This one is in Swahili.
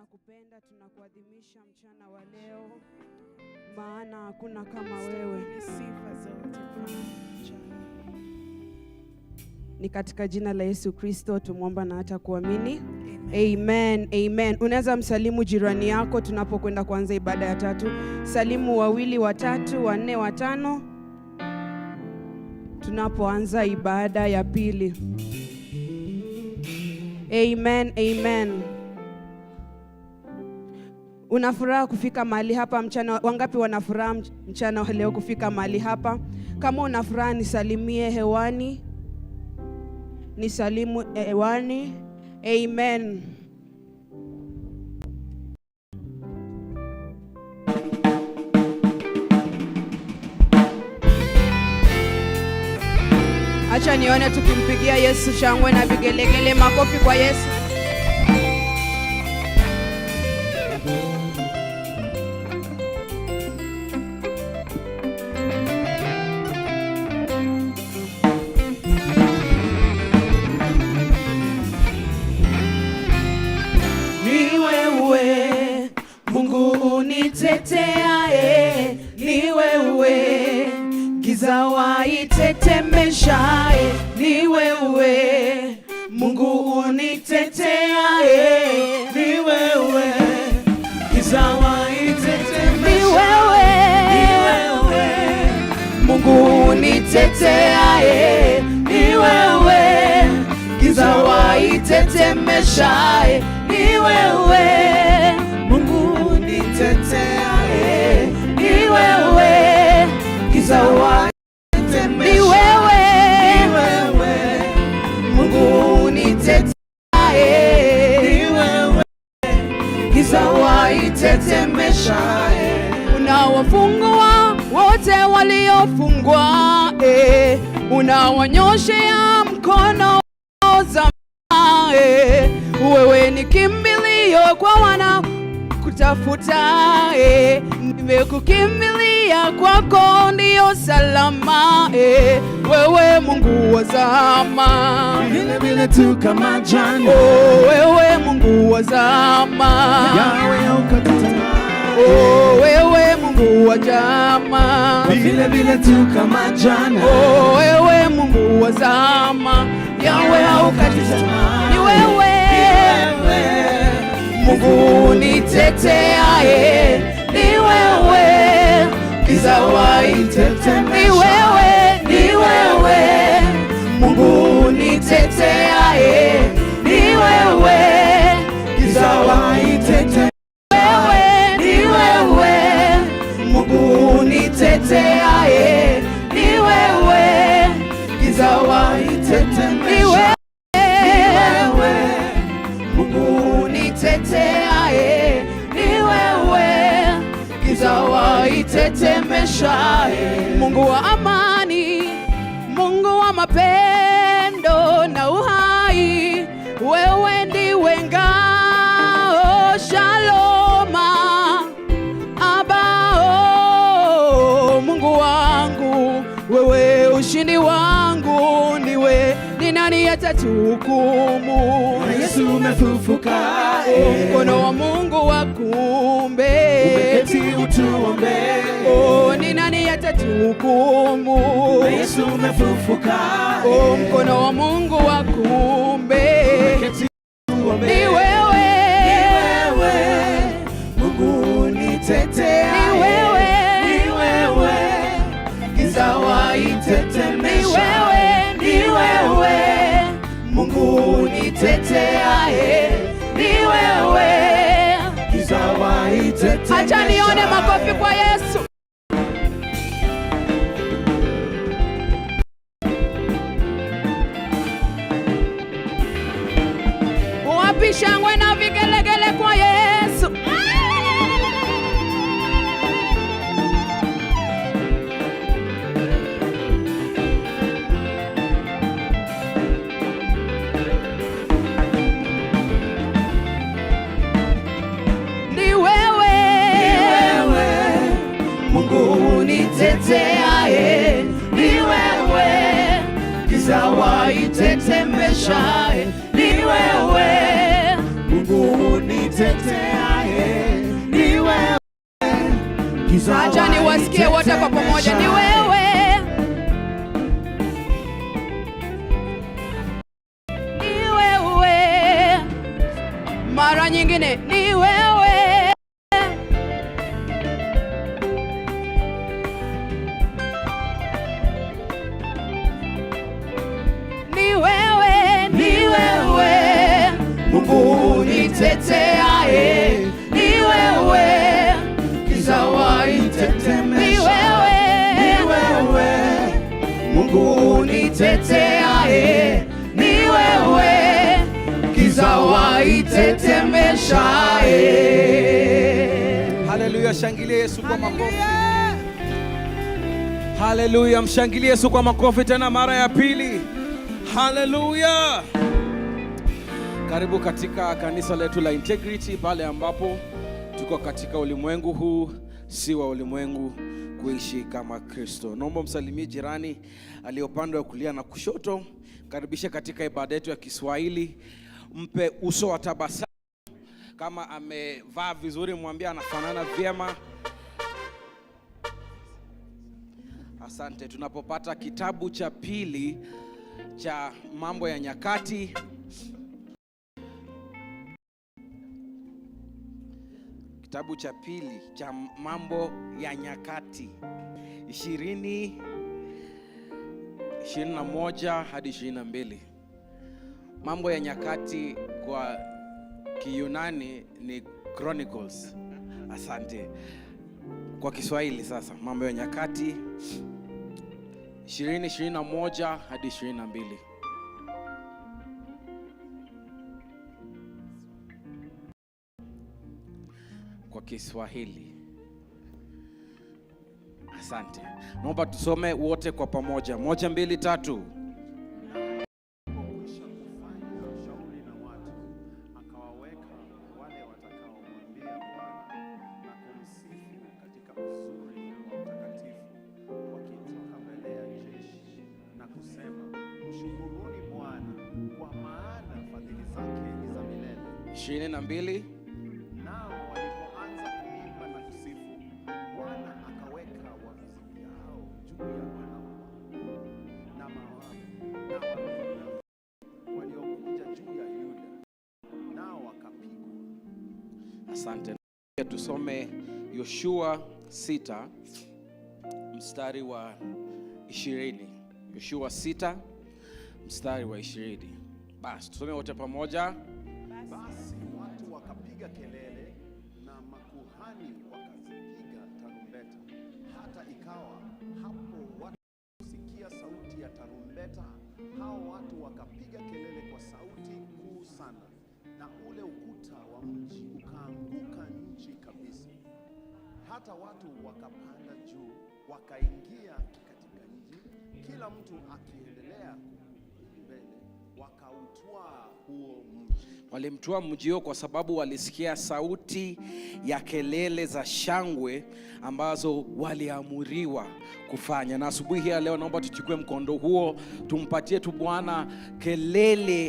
tunakupenda, tunakuadhimisha mchana wa leo, maana hakuna kama wewe. Ni katika jina la Yesu Kristo tumwomba na hata kuamini. Amen, amen. Unaweza msalimu jirani yako tunapokwenda kuanza ibada ya tatu. Salimu wawili, watatu, wanne, watano tunapoanza ibada ya pili. Amen, amen unafuraha kufika mahali hapa mchana? Wangapi wanafuraha mchana leo kufika mahali hapa? Kama unafuraha nisalimie hewani, nisalimu hewani. Amen. Acha nione tukimpigia Yesu shangwe na vigelegele, makofi kwa Yesu. unitetemeshae ni wewe, Mungu uniteteae ni wewe, giza waitetemeshae Mungu uniteteae ni wewe, giza waitetemeshae ni wewe Mungu uniteteae ni wewe, giza sawa itetemeshaye, unawafungua wote waliofungwa, eh, unawanyoshea mkono zamae, wewe ni kimbilio kwa wana nimekutafuta eh, nimekukimbilia kwako, ndiyo salama eh, wewe Mungu wa zama, vile vile tu kama jana oh, wewe Mungu wa zama, Yawe ukakata oh, wewe Mungu wa zama vile vile tu kama jana oh, wewe Mungu wa zama, Yawe ukakata ni wewe Mungu niteteaye ni wewe, giza waitetemesha ni wewe Mungu wa amani, Mungu wa mapendo na uhai, wewe ndiwe ngao shaloma abao, oh, Mungu wangu, wewe ushindi wangu, niwe ni nani atatuhukumu? Yesu umefufuka, eh. mkono wa Mungu wakuu hukumu. Yesu umefufuka, o mkono wa Mungu wa kuumbe ni wewe, Mungu nitetea, ni ni wewe, giza ni wewe, Mungu ni wewe, giza Acha nione makofi kwa Yesu. waitetemeshae ni wewe Mungu uniteteae ni wewe. Acha niwasikie wote kwa pamoja, ni wewe ni wewe, mara nyingine ni wewe e. Haleluya, shangilie Yesu kwa makofi. Haleluya, mshangilie Yesu kwa makofi tena mara ya pili. Haleluya. Karibu katika kanisa letu la Integrity, pale ambapo tuko katika ulimwengu huu, si wa ulimwengu kuishi kama Kristo. Naomba msalimie jirani aliyopande wa kulia na kushoto, karibisha katika ibada yetu ya Kiswahili mpe uso wa tabasamu. Kama amevaa vizuri, mwambie anafanana vyema. Asante. Tunapopata kitabu cha pili cha Mambo ya Nyakati kitabu cha pili cha Mambo ya Nyakati na 21 hadi 22. Mambo ya Nyakati kwa Kiyunani ni Chronicles. Asante. Kwa Kiswahili sasa, Mambo ya Nyakati 20, hadi 22. Kwa Kiswahili. Asante. Naomba tusome wote kwa pamoja. Moja, mbili, tatu. ishirini na mbili nao walipoanza kuimba na kusifu, Bwana akaweka juu ya waliokuja juu ya Yuda, nao wakapigwa. Asante, tusome Yoshua sita mstari wa ishirini Yoshua sita mstari wa ishirini Basi tusome wote pamoja. hao watu wakapiga kelele kwa sauti kuu sana, na ule ukuta wa mji ukaanguka nchi kabisa. Hata watu wakapanda juu, wakaingia katika mji, kila mtu akielekea Walimtoa mjio kwa sababu walisikia sauti ya kelele za shangwe ambazo waliamuriwa kufanya. Na asubuhi hii ya leo, naomba tuchukue mkondo huo, tumpatie tu Bwana kelele